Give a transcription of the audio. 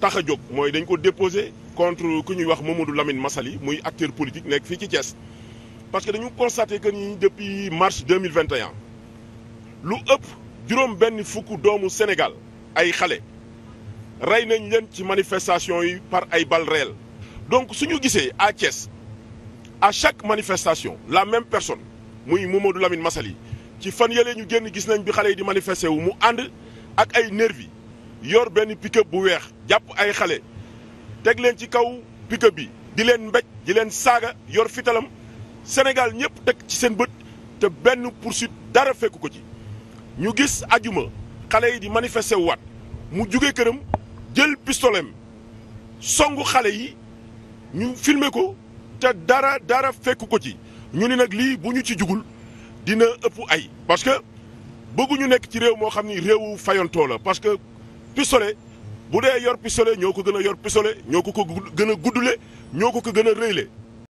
tax a jóg mooy dañ ko déposé contre ku ñuy wax Mamadou Lamine Massaly muy acteur politique nekk fii ci Thiès parce que dañu constaté que ni depuis mars 2021 lu ëpp juróom benn fukk doomu Sénégal ay xale rey nañ leen ci manifestation yi par ay balles réelles donc suñu gisee à Thiès à chaque manifestation la même personne muy Mamadou Lamine Massaly ci fan yële ñu génn gis nañ bi xale yi di manifesté wu mu ànd ak ay nervi yor benn pick bu weex jàpp ay xale teg leen ci kaw pick bi di leen mbéj di leen saaga yor fitalam Sénégal ñëpp teg ci seen bët te benn poursuite dara fekku ko ci ñu gis ajuma xale yi di manifesté waat mu juge këram jël pistolem songu xale yi ñu filmer ko te dara dara fekku ko ci ñu ni nag lii bu ñu ci jugul dina ëpp ay parce que bëgguñu nekk ci réew moo xam ni réewu fayantoo la parce que pistolet bu dee yor pistolet ñoo ko gën a yor pistolet ñoo ko ko gën a guddule ñoo ko ko gën a rëyle